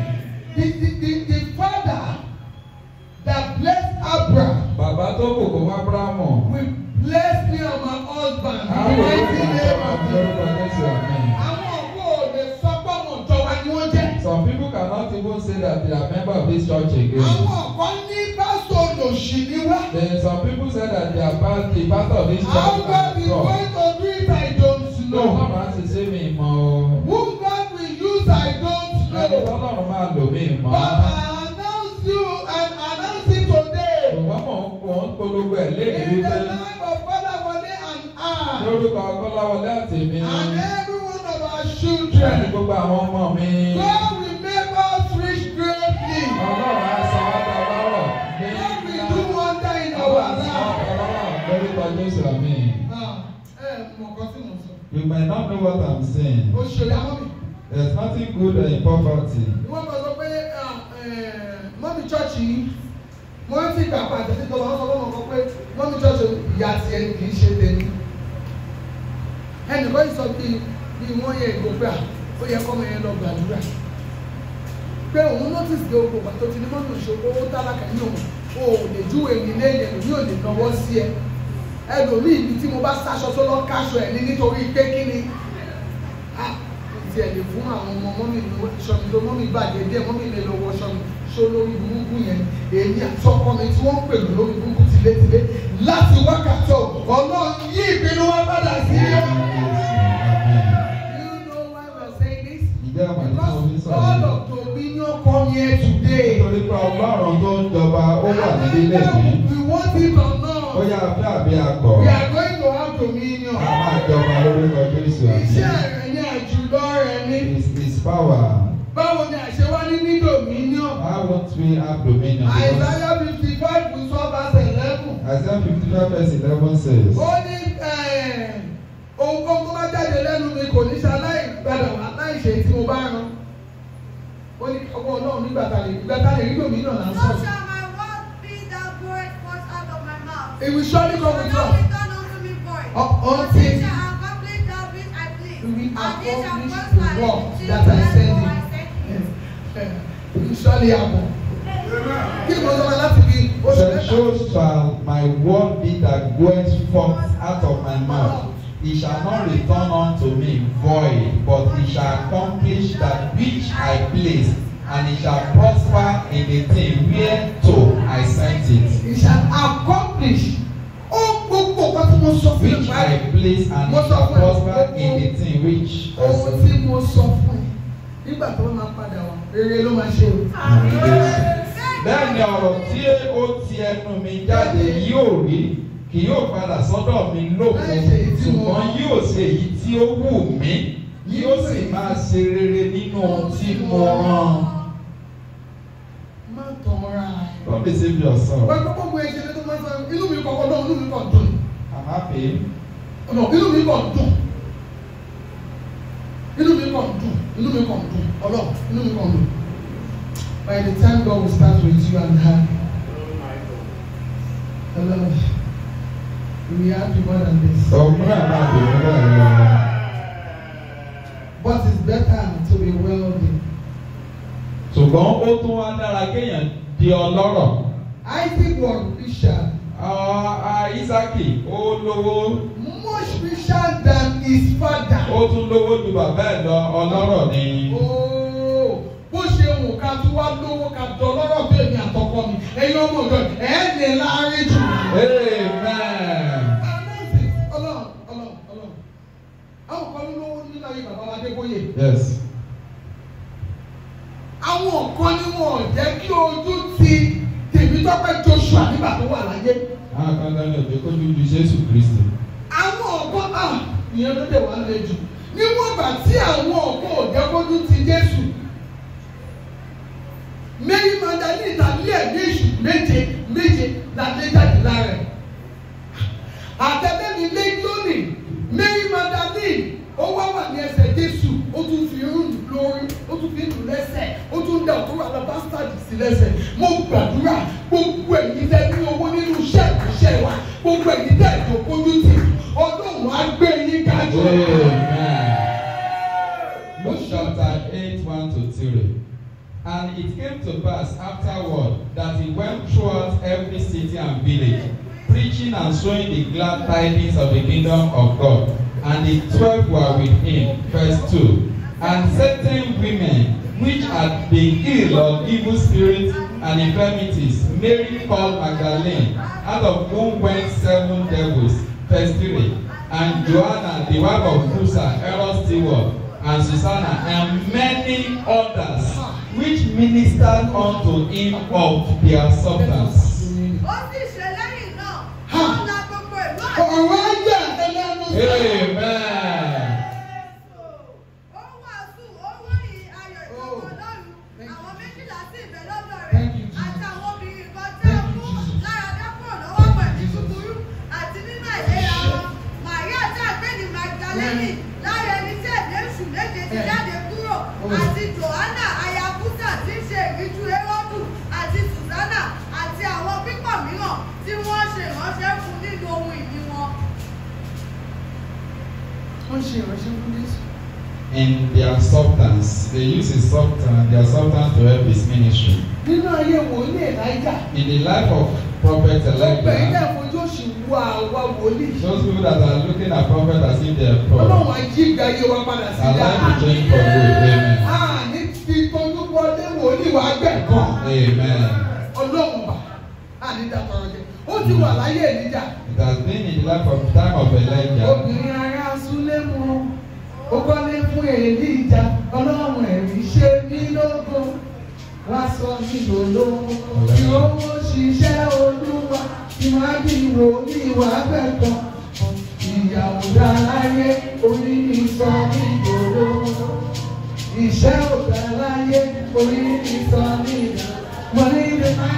mọ̀. we bless me and my husband. àwọn ìwé ilé ìlú àwọn òkú òde sọpọ̀ mọ̀jọ wa ni wọ́n some people cannot even say that they are member of this church again. then some people say that they are part the part of this church. You might not know what I'm saying. There's nothing good in poverty. Wọ́n bá sọ pé mọ́mí chọ́ọ̀chì yìí wọ́n ti gbà pàtẹ́ sí ìjọba wọ́n sọ fún ọkọ pé mọ́mí chọ́ọ̀chì ìyá ti ẹni kì í ṣe tèmi. Ẹnìkan yìí sọ bí bí wọ́n yẹ ìgbògbà ó yẹ kọ́mọ yẹn lọ gbàdúrà. Pé òun notice pé ogun pàtó ti ní mọ́tò ṣòkó ó tálákà ní òun. O ò lè júwèé nílé yẹn ní ò lè náwó sí ẹ ẹlòmíì ibi tí mo bá sáṣọ tó lọ káṣọ ẹ̀ ní nítorí pé kí ni ti ẹ̀ fún àwọn ọmọ mọ́mí sọmi tó mọ́mí bàjẹ́ díẹ̀ mọ́mí lè lọ wọ sọmi só lórí burúkú yẹn èyí àtọkọ mi tí wọ́n ń pèlú lórí burúkú tilétilé láti wákàtí ọ̀nà yí ìpinnu wa padà sí i. You know why we saying this? Because of dominion come here today. torí pé ọgbà ọ̀rọ̀ tó ń jọba ó wà nílé we want him to bóyá afẹ́ àbí akọ. We are going to have dominion. A máa jọba lórúkọ Jésù àbí. Iṣẹ́ rẹ̀ ní àjùlọ rẹ̀ ní. His power. Báwo ni àṣẹ wá ní ní dominion? How won't we have dominion? Àìsáyà fifty five to twelve verse eleven. Àìsáyà fifty five verse eleven says. Ó ní eh, ohun kan tó bá jáde lẹ́nu mi kò ní ṣaláì gbàdọ̀ aláìṣe tí mo bá rán. Ó ní ọgbọ́n náà nígbà tá a lè rí dominion náà sọ. It will surely come with us. All things will be accomplished the work that I send you. It will surely happen. The shows shall my word be that goeth forth out of my mouth. It shall not return unto me void, but it shall accomplish that which I placed and it shall prosper in the thing where to I sent it. It shall accomplish all gbogbo nǹkan tí mo which I place and it shall prosper in the thing which. ohun tí mo sọ fún ẹ nígbà tó máa padà wá rere ló máa ṣe o. bẹ́ẹ̀ ni ọ̀rọ̀ tí ó ti ẹnu mi jáde yóò rí kì yóò padà sọ́dọ̀ mi lóko ṣùgbọ́n yóò ṣe èyí tí ó wù mí yóò sì máa ṣe rere nínú ohun tí mo rán. son. Receive your son. Wọ́n mú ẹ̀jẹ̀ lẹ́tọ́ máa ń inú mi kọ̀kọ́ náà inú mi kọ̀ dùn. I'm happy. Ọ̀nà inú mi kọ̀ dùn. Inú mi kọ̀ dùn. Inú mi kọ̀ dùn. Ọlọ́ inú mi kọ̀ dùn. By the time God will start with you and her. Hello. We are happy more than this. Ọ̀gbọ́n àbájọ ọ̀gbọ́n àbájọ. But it's better to be wealthy. Ṣùgbọ́n ó tún wá dára kéèyàn di ọlọ́rọ̀. Isaac was richer. Ah, ah, Isaac ó lówó. much richer than his father. ó tún lówó ju bàbá ẹ̀ lọ ọlọ́rọ̀ ni. Oh, bó ṣe wù ká tún wá lówó ká dọ ọlọ́rọ̀ bí èmi àtọkọ mi ẹ̀yin ọmọ ọ̀dọ́ ẹ̀ lè láàárín jù. ọlọ́run ọlọ́run ọlọ́run àwọn kan ló lówó nínú ayé bàbá wa dé bóyè. yes àwọn nǹkan ni wọn ò jẹ́ kí ojú ti Tèmítọ́pẹ́ Joshua nígbà tó wà láyé. àkàndálẹ̀ òde kó dúdú Jésù Kristi. àwọn nǹkan à ìyẹn ló dé wà lé jù níwọ̀n ìgbà tí àwọn nǹkan ò jẹ́ kójú ti Jésù. Mary Magdalene tàbí ẹ̀mí èṣù méje méje la lé jáde lára ẹ̀. àtẹ̀lẹ́mi lé lónìí Mary Magdalene ó wá wà ní ẹsẹ̀ Jésù ó tún fi irun lórí ó tún fi nù lẹ́sẹ̀ ó tún dá òkúrò alabastadi sí lẹ́sẹ̀ mo gbàdúrà gbogbo ẹ̀yin tẹ́ ní owó nínú iṣẹ́ ìṣe wa gbogbo ẹ̀yin tẹ́ ìdókòjú ti ọlọ́run á gbé yín kájú. Luke chapter eight one to three. And it came to pass afterward that he went throughout every city and village, preaching and showing the glad tidings of the kingdom of God and the twelve were with him. Verse two. And certain women which had been ill of evil spirits and infirmities, Mary called Magdalene, out of whom went seven devils. Verse three. And Joanna, the wife of Cusa, Herod's steward, and Susanna, and many others, which ministered unto him of their substance. ó Amen. And their substance, they use his substance, their substance to help his ministry. Nínú ayé wòlíì Elijah. In the life of prophet Elijah. Ọgbẹ́ ilé ìfojú òsì wá wá wòlíì. Those people that are looking at prophet as if they are poor. Ọlọ́run ajíǹde ayé wa padà sí dáa. Allow me to join for you, amen. Ah, ní fi tọ́jú wọlé wòlíì wá gbẹ̀ kan. Amen. Ọlọ́run bà, àní dàtọ̀ ọ̀jẹ̀. Ó ti wà láyé ìdíjà. It has been in the life of time of Elijah mu ó gbọ́lé fún èlì ìjà ọlọ́run ẹ̀rí ṣe mí lógún wá sọ mí lòlóhùn tí ó mú ṣiṣẹ́ olúwa tí wọ́n á bí wo ní ìwà pẹ̀tàn ìyàwó dáláyé orí mi sọ mí lòlóhùn ìṣẹ́ òdáláyé orí mi sọ mí lòlóhùn wọ́n ní ìdè máa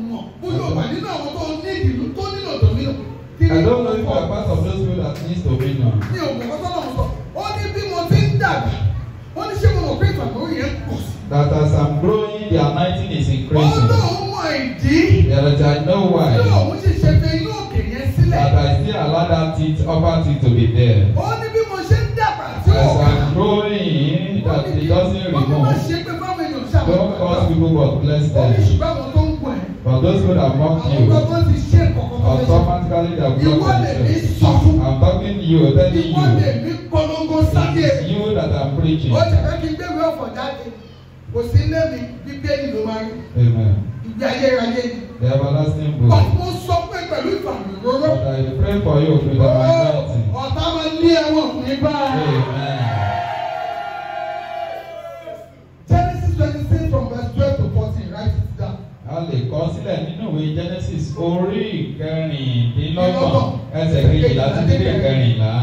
I don't know if you are part of those people that need dominion. Mi ò mọ̀ kọ́tọ́ lọ́wọ́ sọ, ó ní bí mo ti ń dàgbà, ó ní ṣé mo mọ̀ That as I'm growing, the anointing is increasing. Ó lóun mọ ìdí. There is no why. Lóun ṣe That I still allow that teeth, upper teeth to be there. Ó ní bí mo ṣe ń dàgbà tí As I'm growing, that it doesn't remove. Don't cause people but bless them those who have mocked you automatically they have blocked you. I'm talking to you telling you it's you that I'm preaching. ó ṣẹ̀fẹ́ kí n gbé ìwé ọ̀fọ̀ jáde kò sí ilé mi bíbélì ló máa rí. ìgbé ayérayé ni. the everlasting book. but mo sọ pé pẹ̀lú ìfàmì róró. but I pray for you with my anointing. ọ̀tá máa Amen. àkọsílẹ̀ nínú ìwé Genesis orí ìkẹrìndínlọ́gbọ̀n ẹsẹ̀ kejìlá sí kéde kẹrìnlá.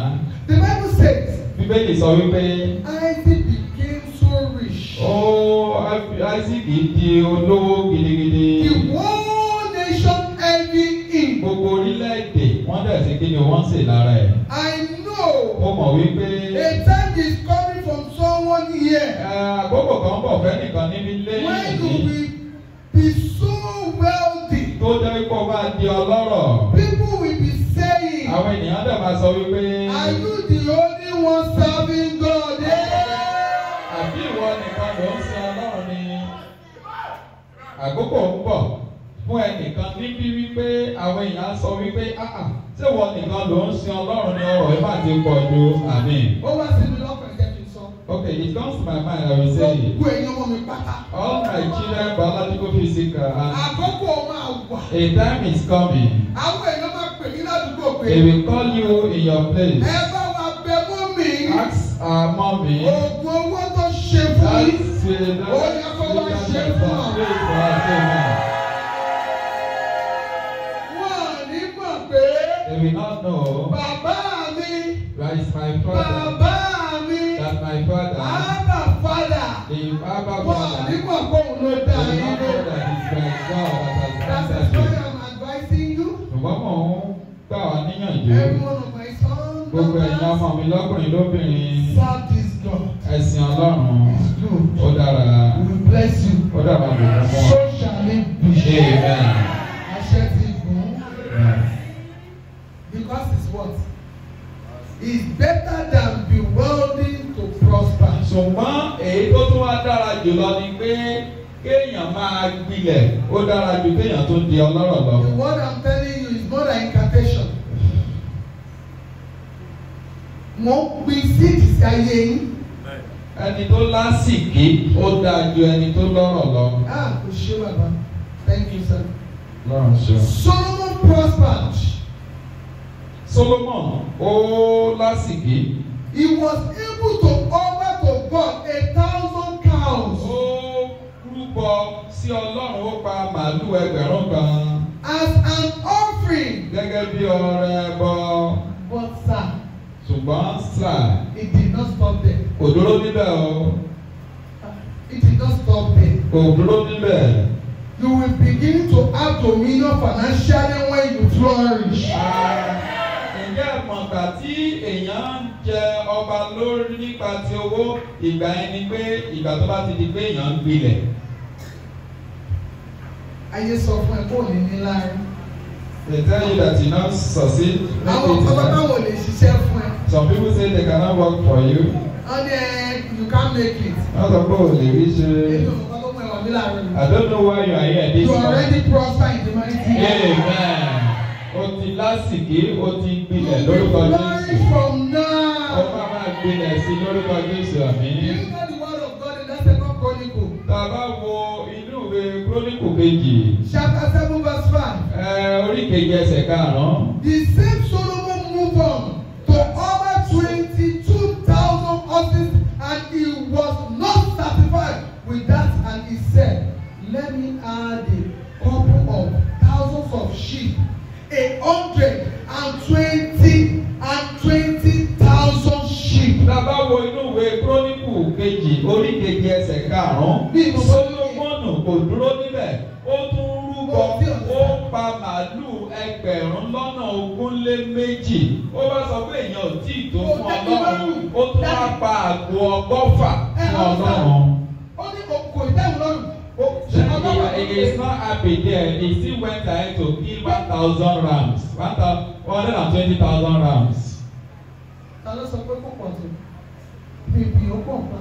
The Bible says. Bíbélì sọ wípé. Isaac became so rich. Ó Isaac di olówó gidigidi. The whole nation envy him. Gbogbo orílẹ̀-èdè wọ́n dẹ̀ sí kí wọ́n ṣe lára ẹ̀. I know. Ó mọ̀ wípé. A time is coming from someone here. Àkókò kan bọ̀ fẹ́ nìkan níbi lẹ́yìn. When you be peace. Kó jẹ́ wípé o máa di ọlọ́rọ̀. People will be saying. Àwọn ènìyàn dẹ̀ máa sọ wípé. Are you the only one serving God? Àbí ìwọ nìkan ló ń sin Ọlọ́run ni? Àkókò ń bọ̀ fún ẹnìkan níbi wípé àwọn èèyàn sọ wípé ṣé ìwọ nìkan ló ń sin Ọlọ́run ni ọ̀rọ̀ ẹ má ti pọ̀ ju àmì. Ó wá sí mi lọ́kàn jẹ́ kí sọ. Okay, it comes to my mind, I will say it. Gbogbo èèyàn mọ̀ mi pátá. All my children biological physical. Àkókò máa a time is coming. àwọn èèyàn máa pè ní ládùúgbò pé. they will call you in your place. ẹ bá wa bẹ mọ́mì. ask our uh, mọ́mì. oògùn owó tó ṣe fún yín. ó yẹ kó wá ṣe fún wa. wọ́n ní mọ̀ pé. they will not know. bàbá mi. that is my father. bàbá mi. that my father. abba father. the abba father. wọ́n ní mọ̀ pé òun ló dá yín lórí. God. That why I'm advising you. Ṣùgbọ́n mò ń gbà wá of my sons. Gbogbo ẹ̀yin ọmọ mi lọ́kùnrin lóbìnrin. Serve this God. Ẹ̀sìn Ọlọ́run. Ó dára. We bless you. Ó dára àbùkù So shall it be. Amen. Àṣẹ ti gùn. Because it's what? It's better than kéèyàn máa gbilẹ̀ ó dára ju kéèyàn tó di ọlọ́rọ̀ lọ. the word i'm telling you is more than incantation. mo ń gbin seeds ayé yín. ẹni tó lásìkí ó dáa ju ẹni tó lọ́rọ̀ lọ. ah kò ṣe bàbá thank you sir. lọ́rọ̀ ṣe. solomon prospered. solomon ó lásìkí. he was able to over. tí ọlọ́run ó pa màálù ẹgbẹ̀rún kan. as an offering. gẹ́gẹ́ bí ọrẹ ẹbọ. but sir. ṣùgbọ́n sir. it did not stop there. kò dúró níbẹ̀ o. Uh, it did not stop there. kò dúró níbẹ̀. you will begin to have dominion financially when you flourish. ǹjẹ́ ìmọ̀gbà tí èèyàn jẹ ọba lórí nípa ti owó ìgbà ẹni pé ìgbà tó bá ti di pé èèyàn ń gbilẹ̀ ayé sọ fún ẹ kó ní ní láàrin. They tell you that you don't succeed. Àwọn ọ̀pọ̀ báwo lè ṣiṣẹ́ fún ẹ? Some people say they cannot work for you. Wọ́n eh, you can't make it. Wọ́n sọ pé o lè rí ṣe. I don't know why you are here this morning. You already prospered in the mighty name. Amen. O ti lásìkí, o ti gbilẹ̀ lórúkọ Jésù. You will be glory from now. Ó máa máa gbilẹ̀ sí lórúkọ Jésù àmín. You know the kò kejì. chapter seven verse five. ẹ orí kejì ẹsẹ̀ karùn-ún. the same Solomon moved on to over twenty-two thousand horses and he was not satisfied with that and he said let me add a couple of thousands of sheep a hundred and twenty and twenty thousand sheep. tá a bá wo inú ìwé kúrónìkù kejì orí kejì ẹsẹ̀ karùn-ún. bí mo bá nù kò dúró níbẹ̀ ó tún rúbọ ó pa màálù ẹgbẹ̀rún lọ́nà ogún lé méjì ó bá sọ pé èèyàn ò tí ì tó fún ọlọ́run ó tún wá pa àgbò ọgọ́fà fún ọlọ́run. ó ní kò ìtẹ́wọ̀n lọ́rùn. It is not happy there. He still went ahead to kill one thousand rams, one hundred and twenty thousand rams. Ta ló sọ pé kò tó? Bèbè ó pọ̀ pa,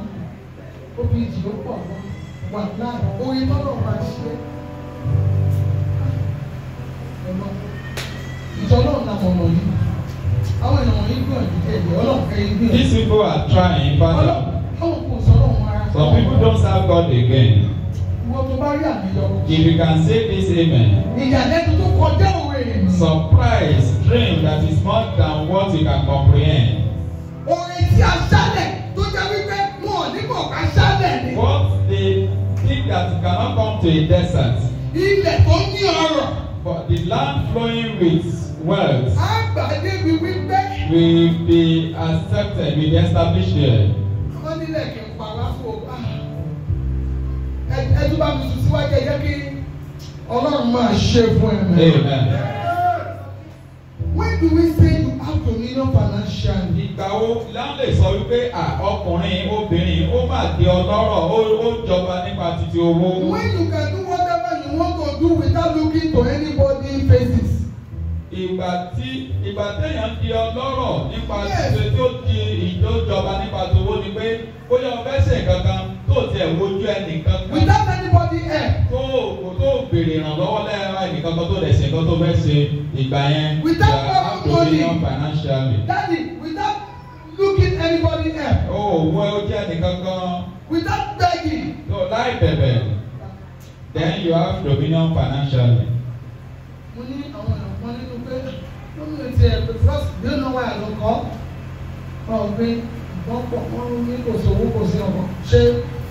obìnrin ó pọ̀ pa wà láàbọ̀ oyin tọ́lọ̀ bá ṣe ẹ̀mọ́ ìjọ yìí àwọn ènìyàn yìí gbìyànjú tẹ̀lé ọlọ́run kẹ́yìn gbìyànjú. These people are trying but some people don't serve God again. If you can say this amen. Surprise dream that is more than what you can comprehend. Orin tí a ṣálẹ̀. that you cannot come to a desert. Ilẹ̀ tó ní ọrọ̀. But the land flowing with wealth. A gbà débi wípé. Will be accepted, will be established here. Wọ́n nílẹ̀ kí n pa láfo. Ah. Ẹ ẹ tún bá mi sùn síwájú ẹ jẹ́ kí Ọlọ́run máa ṣe fún ẹ. Amen when do we say you have dominion financially. ìgbà wo la lè sọ wípé ọkùnrin obìnrin ó mà di ọlọ́rọ̀ ó jọba nípa títí owó. when you can do whatever you want to do without looking to anybody faces. ìgbà tí ìgbà téèyàn di ọlọ́rọ̀ nípa títí tó di ìjọba nípa tówó ni pé bóyá o fẹ́ kankan tó tiẹ̀ wojú ẹnìkan. without ṣe ìgbà yẹn. without anybody daddy without looking anybody help. ó oh, wọ ojú ẹnìkan gan. without begging. no láì bẹ̀bẹ̀ then you have dominion financially. mo ní àwọn ọ̀nà kan nínú pé lómi ò tiẹ̀ because you know why I don call. ọ̀ pé wọ́n pọ̀ wọ́n ní kò sówó kò sí ọkọ̀ ṣé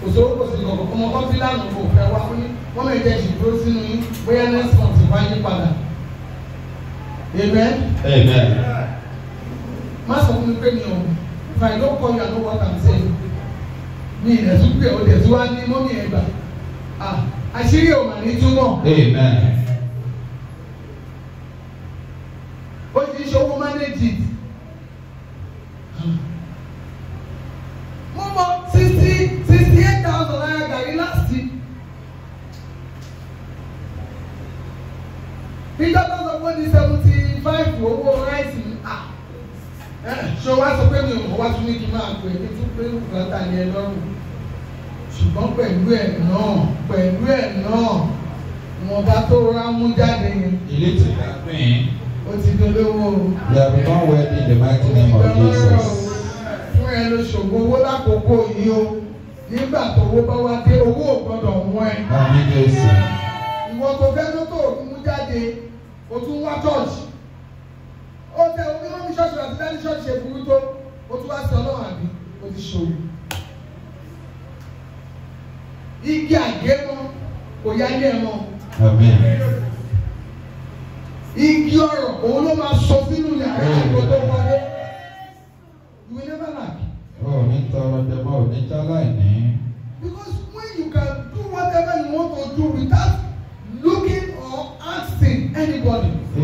kò sówó kò sí ọkọ̀ ọmọ kọ́ńtì lánàá kò fẹ́ wá wọ́n ní wọ́n lè jẹ́ ìṣèdúró sínú yín bóyá next month wáyé padà. Amen. Amen. Master of the if I don't call you, I know what I'm saying. Mi ìrẹsù pé o lè tún wá ní mọ́mí ẹ̀gbà. Àṣírí ò mà ní túmọ̀. Amen. Ó ti ṣòwò manage it. Mo mọ sixty sixty eight thousand naira gàrí last year. Nígbà tó ó ní seventy five owó ráìtì ṣé o wá sọ pé mi ò wá tún ní máa pè é tún pé bùkátà ni ẹ lọ́rùn ṣùgbọ́n pẹ̀lú ẹ̀ náà pẹ̀lú ẹ̀ náà wọn bá tó rọra mú jáde ilé ti dá pín. ó ti dolówó. they have become wealthy in the mighty name of Jesus. fún ẹ ló ṣògo owó lákòókò yìí o nígbà tó owó bá wá dé owó ò gbọdọ̀ wọ́n ẹ. àmì Jésù. ìwọ tó fẹ́ ló mú jáde o tún wá church ó tẹ omi wọn ní church àti dání church ṣe burú tó o tún wá sí ọlọ́run àbí o ti ṣòwò igi àgémọ kò yá ilé ẹ mọ igi ọ̀rọ̀ òun ló máa sọ sínú yàrá ìgbò tó wọlé ìwé never lack. o ní tọrọ jẹmọ ò ní jálá ìní. because when you can do whatever you want to do without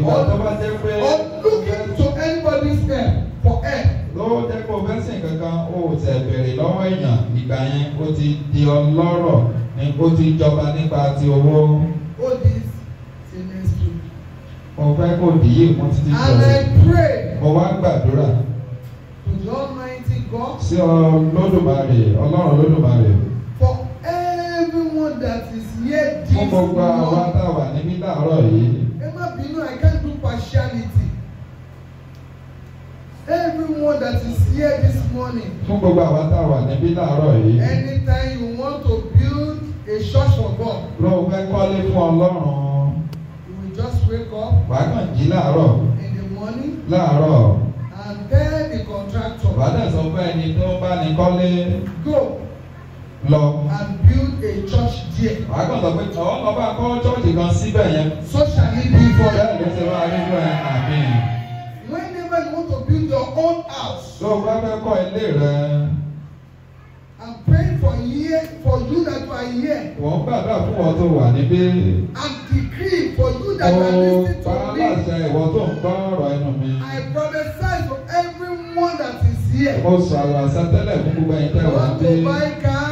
Or, looking to anybody's help for help. lọ́wọ́ tẹ́ kó fẹ́ sìn kankan ó ṣe bèrè lọ́wọ́ èèyàn ìgbà yẹn ó ti di ọlọ́rọ̀ ni ó ti jọba nípa ti owó. ó di sinistri. mo fẹ́ kó dìyí mo ti ti sọ̀rọ̀. and I pray. mo wá gbàdúrà. to the almighty God. sí Olódùmarè ọlọ́run Olódùmarè. for everyone that is here this morning. fún gbogbo àwọn táwa níbí láàárọ̀ yìí partiality. Everyone that is here this morning. Fún gbogbo àwa tá a wà níbí láàárọ̀ yìí. Anytime you want to build a church for God. Lọ fẹ́ kọ́lé fún Ọlọ́run. You will just wake up. Wàá kàn jí láàárọ̀. In the morning. Láàárọ̀. And tell the contractor. Bàdàn sọ fún ẹni tó bá ní kọ́lé. Go lọ. and build a church there. wàá gbọ́dọ̀ pé àwọn ọmọ bá kọ́ chọ́ọ̀chì kan síbẹ̀ yẹn. so shall it be for you. bẹ́ẹ̀ ló ṣe máa rí fún ẹ àmín. whenever you want to build your own house. So o bá fẹ́ kọ́ ilé rẹ. And praying for here for you that you are here. wọ́n gbàdúrà fún ọ tó wà níbí. and decree for you that you are listening to me. ó bá aláṣẹ ìwọ tó ń gbọ́ ọ̀rọ̀ ẹnu mi. I prophesy for everyone that is here. mo sọ àwọn àṣà tẹ́lẹ̀ fún gbogbo ẹ̀yin tẹ́lẹ̀ wá bí. wọ́n tó bá ń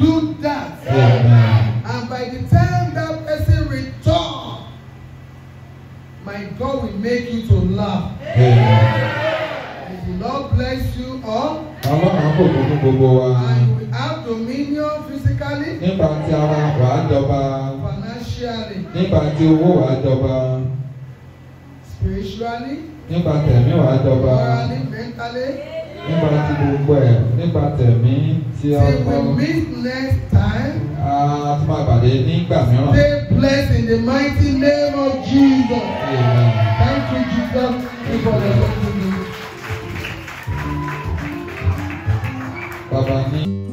do that. Amen. And by the time that person returns, my God will make you to laugh. Amen. May the Lord bless you all. Àwọn àkókò fún gbogbo wa. And we have dominion physically. Nípa ti ara wà á dọba. Financially. Nípa ti owó wà á dọba. Spiritually. Nípa tẹ̀mí wà á dọba. Morally, mentally nígbà tí gbogbo ẹ̀ nígbà tẹ̀mí tí ó lọ. till meet next time. máa pàdé nígbà mìíràn. take place in the mighty name of Jesus. Amen. thank you Jesus for the opportunity. Baba ni.